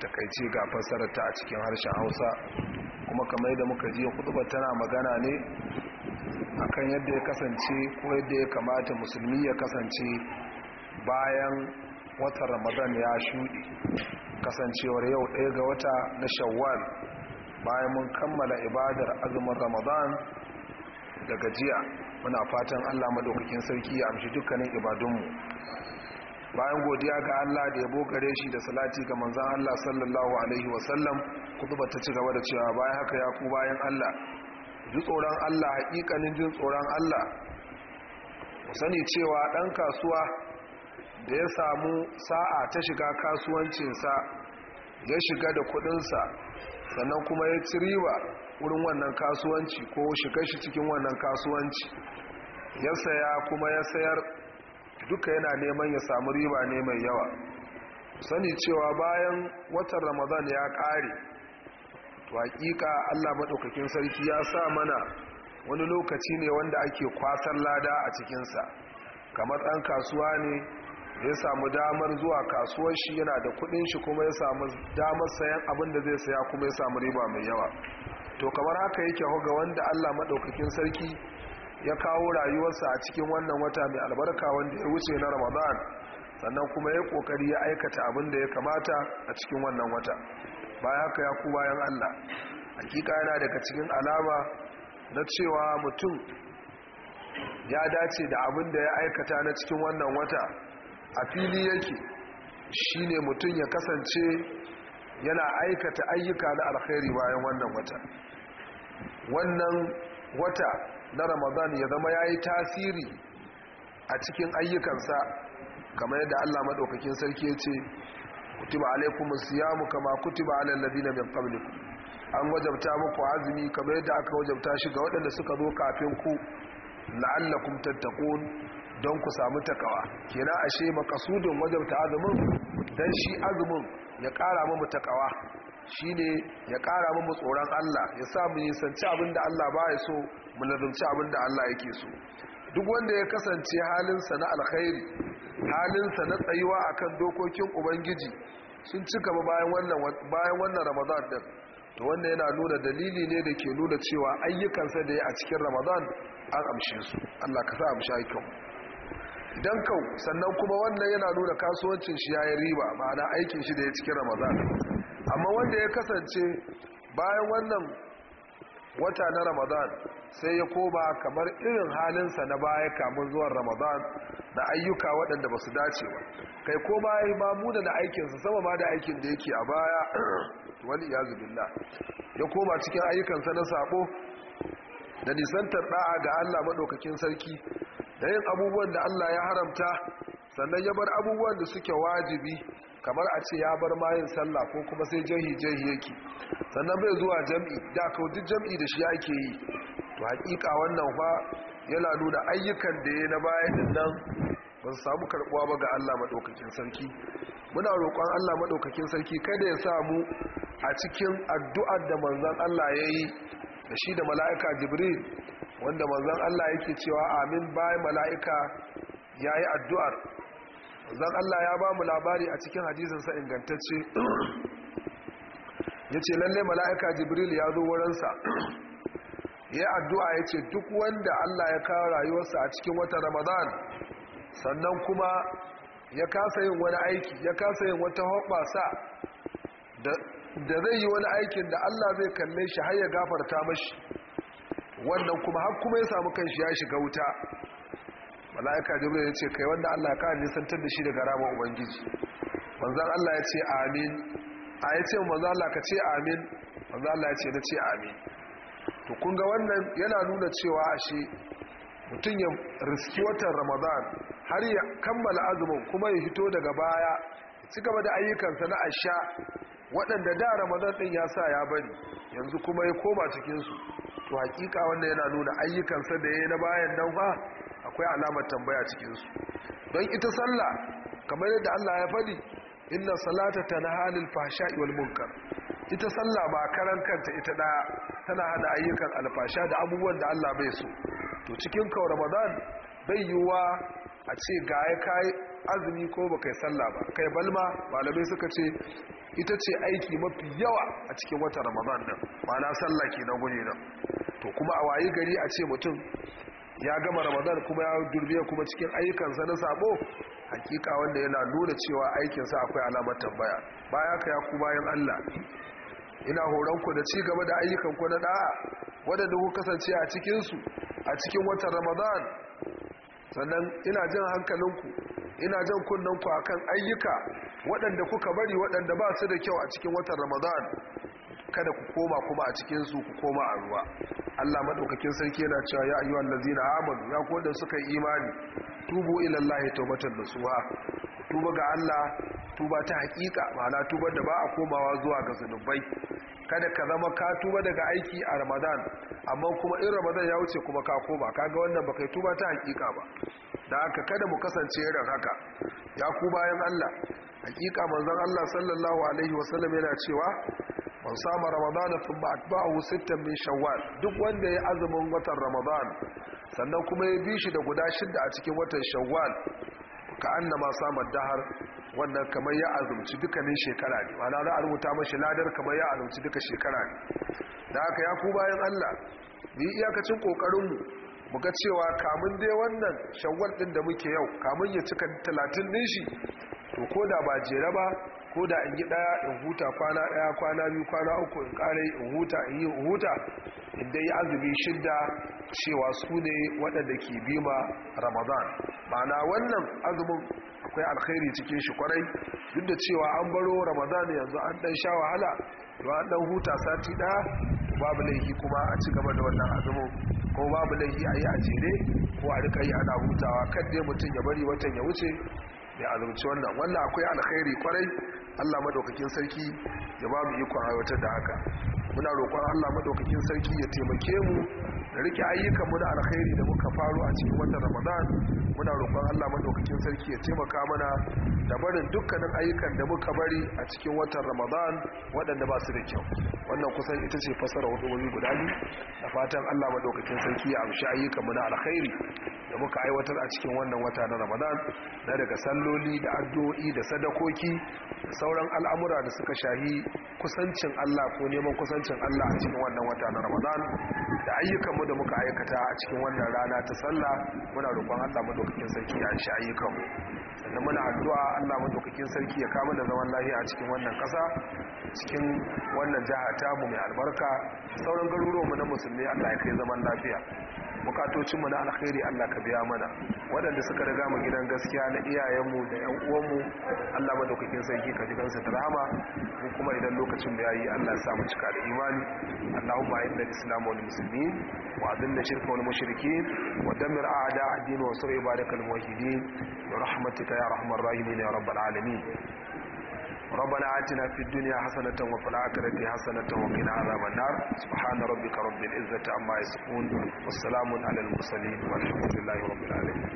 Takaici ga fassarar a cikin harshen Hausa kuma kamar da muka ji kutuba tana magana ne akan yadda ya kasance ko yadda ya kamata musulmi ya kasance bayan watan Ramadan ya shuɗe kasancewar yau ɗaya ga wata na Shawwal bayan mun kammala ibadar azumin Ramadan daga jiya muna fatan Allah madaukakin sarki ya amshi dukkanin ibadunmu bayan godiya ga Allah da ya gare shi da salati ga manzon Allah sallallahu alaihi wasallam kutuba ta ci gaba da cewa bayan haka ya ku bayan Allah ji tsoron Allah hakikanin jin tsoron Allah ku sani cewa ɗan kasuwa da ya samu sa'a ta shiga kasuwancinsa ya shiga da kudinsa sannan kuma ya ci wurin wannan kasuwanci ko shiga shi cikin wannan kasuwanci ya saya kuma ya sayar duka yana neman ya samu riba ne mai yawa sani cewa bayan watan ramadan ya ƙare to hakika allah maɗaukakin sarki ya sa mana wani lokaci ne wanda ake kwasar lada a cikinsa kamar ɗan kasuwa ne ya samu damar zuwa kasuwar shi yana da kuɗin shi kuma ya samu damar sayan abin da zai saya kuma ya samu riba mai yawa to kamar haka yake ga wanda allah maɗaukakin sarki ya kawo rayuwarsa a cikin wannan wata mai albarka wanda ya wuce na ramadan sannan kuma ya kokari ya aikata abin da ya kamata a cikin wannan wata baya haka ya ku bayan allah hakika yana daga cikin alama na cewa mutum ya dace da abin da ya aikata na cikin wannan wata a fili yake ne mutum ya kasance yana aikata ayyuka na alkhairi bayan wannan wata wannan wata na ramadan ya zama ya yi tasiri a cikin ayyukansa kamar yadda allah maɗaukakin sarki ya ce kutuba alaikum siyamu kama kutuba alal na min qablikum an wajabta muku azumi kamar yadda aka wajabta shi ga waɗanda suka zo kafin ku la'allakum tattaqun don ku samu takawa kenan ashe makasudin wajabta azumin dan shi azumin ya ƙara mu takawa Shi ne ya kara mu tsoron Allah ya sa mu nisanci abin da Allah ba ya so mu lazumci abin da Allah yake so duk wanda ya kasance halinsa na alkhairi halinsa na tsayuwa akan dokokin ubangiji sun ci gaba bayan wannan Ramadan din to wanda yana nuna dalili ne da ke nuna cewa ayyukansa da ya a cikin Ramadan an amshe su Allah ka sa amsha kyau idan kau sannan kuma wannan yana nuna kasuwancin shi yayin riba ma'ana aikin shi da ya cikin ramadan amma wanda ya kasance bayan wannan wata na ramadan sai ya koma kamar irin halinsa na baya kamun zuwan ramadan da ayyuka waɗanda ba su dace ba kai ko baya ma muna da aikinsa sama ma da aikin da yake a baya wani ya zubinna ya koma cikin ayyukansa na sabo da nisantar ɗa'a ga allah maɗaukakin sarki da yin abubuwan da allah ya haramta sannan ya bar abubuwan da suke wajibi kamar a ce ya bar mayin sallah ko kuma sai jahi jahi yake sannan bai zuwa jam'i da kawo duk jam'i da shi ake yi to hakika wannan fa yana nuna ayyukan da ya na bayan nan ban samu karbuwa ba ga Allah maɗaukakin sarki muna roƙon Allah maɗaukakin sarki kada ya samu a cikin addu'ar da manzan Allah ya yi da shi da mala'ika Jibril wanda manzon Allah yake cewa amin bayan mala'ika ya yi addu'ar zan Allah ya ba mu labari a cikin hadisinsa ingantacce ya ce lalle mala'ika jibril ya zo wurinsa ya addu'a ya ce duk wanda Allah ya kawo rayuwarsa a cikin wata ramadan sannan kuma ya kasa yin wani aiki ya kasa yin wata hoɓasa da zai yi wani aikin da Allah zai kalle shi har ya gafarta mashi wannan kuma har kuma ya samu kanshi ya shiga wuta mala'ika jibril ya ce kai wanda Allah ka nisantar da shi daga ramar ubangiji manzan Allah ya ce amin a ya ce manzan Allah ka ce amin manzan Allah ya ce na ce amin to kun ga wannan yana nuna cewa ashe mutum ya riski watan ramadan har ya kammala azumin kuma ya hito daga baya ci gaba da ayyukansa na asha waɗanda da ramadan ɗin ya sa ya bari yanzu kuma ya koma cikinsu to hakika wannan yana nuna ayyukansa da ya yi na bayan nan fa akwai alamar tambaya cikinsu don ita sallah kamar yadda Allah ya faɗi inna salata tanhalil fahsha'i wal munkar ita sallah ba karan kanta ita da tana hana ayyukan alfasha da abubuwan da Allah bai so to cikin kaw ramadan bai yiwa a ce ga ya kai azumi ko ba kai sallah ba kai balma malamai suka ce ita ce aiki mafi yawa a cikin watan ramadan nan na sallah kenan gure nan to kuma a wayi gari a ce mutum ya gama ramadan kuma ya durbe kuma cikin ayyukansa na sabo hakika wanda yana nuna cewa aikinsa akwai alamar tambaya baya ka ya ku bayan allah ina ku da ci gaba da ayyukanku na da'a waɗanda ku kasance a cikinsu a cikin watan ramadan sannan ina jin hankalinku ina jan kunnanku kan ayyuka waɗanda kuka bari waɗanda ba su da kyau a cikin watan ramadan kada ku koma kuma a cikinsu ku koma a ruwa Allah madaukakin sarki yana cewa ya ayyuhal allazina amanu ya kodan suka yi imani tubu ila Allah tawbatan nasuha tuba ga Allah tuba ta hakika ma'ana tuba da ba a komawa zuwa ga zunubai, kada ka zama ka tuba daga aiki a Ramadan amma kuma in Ramadan ya wuce kuma ka koma kaga wannan baka yi tuba ta hakika ba da haka kada mu kasance irin haka ya ku bayan Allah hakika manzon Allah sallallahu alaihi wasallam yana cewa man sama ramadana sun ba atba'ahu sittan min shawwal duk wanda ya azumin watan ramadan sannan kuma ya bi shi da guda shida a cikin watan shawwal ka annama sama dahar wannan kamar ya azumci dukkanin shekara ne ma'ana za a rubuta mashi ladar kamar ya azumci duka shekara ne da haka ya ku bayan Allah mu yi iyakacin kokarinmu mu ga cewa kamun dai wannan shawwal din da muke yau kamun ya cika talatin din shi to ko da ba jere ba ko da in yi ɗaya in huta kwana ɗaya kwana biyu kwana uku in ƙare in huta in yi huta in dai azumi shidda cewa su ne waɗanda ke bima ramadan ma'ana wannan azumin akwai alkhairi cikin shi kwarai duk da cewa an baro ramadan yanzu an ɗan sha wahala to an ɗan huta sati ɗaya babu laifi kuma a ci gaba da wannan azumin ko babu laifi a yi a jere ko a rika yi ana hutawa kan dai mutum ya bari watan ya wuce ya azumci wannan wannan akwai alkhairi kwarai Allah madaukakin sarki ya ba mu iko aiwatar da haka muna roƙon Allah madaukakin sarki ya taimake mu da rike ayyukan mu da alkhairi da muka faru a cikin watan Ramadan muna roƙon Allah madaukakin sarki ya taimaka mana da barin dukkanin ayyukan da muka bari a cikin watan Ramadan waɗanda ba su da kyau wannan kusan ita ce fasara hudu guda biyu da fatan Allah madaukakin sarki ya amshi ayyukan mu na alkhairi da muka aiwatar a cikin wannan wata na ramadan na daga salloli da addu'o'i da sadakoki da sauran al'amura da suka shahi kusancin allah ko neman kusancin allah a cikin wannan wata na ramadan da ayyukanmu da muka aikata a cikin wannan rana ta sallah muna roƙon allah madaukakin sarki ya shi ayyukanmu sannan muna addu'a allah madaukakin sarki ya kama da zaman lahiya a cikin wannan ƙasa cikin wannan jiha tamu mai albarka sauran garuruwanmu na musulmi allah ya kai zaman lafiya bukatocinmu na alkhairi Allah ka biya mana waɗanda suka riga mu gidan gaskiya na iyayenmu da ƴan uwanmu Allah madaukakin sarki ka jikansa da rahama ko kuma idan lokacin mu yayi Allah ya sa mu cika da imani Allahumma inna al wal muslimin wa adilla shirka wal mushrikeen wa dammir a'da ad-din wa sur ibadak al-muwahhidin bi rahmatika ya rahmar rahimin ya rabbal alamin ربنا آتنا في الدنيا حسنة وفي الآخرة حسنة وقنا عذاب النار سبحان ربك رب العزة عما يصفون والسلام على المرسلين والحمد لله رب العالمين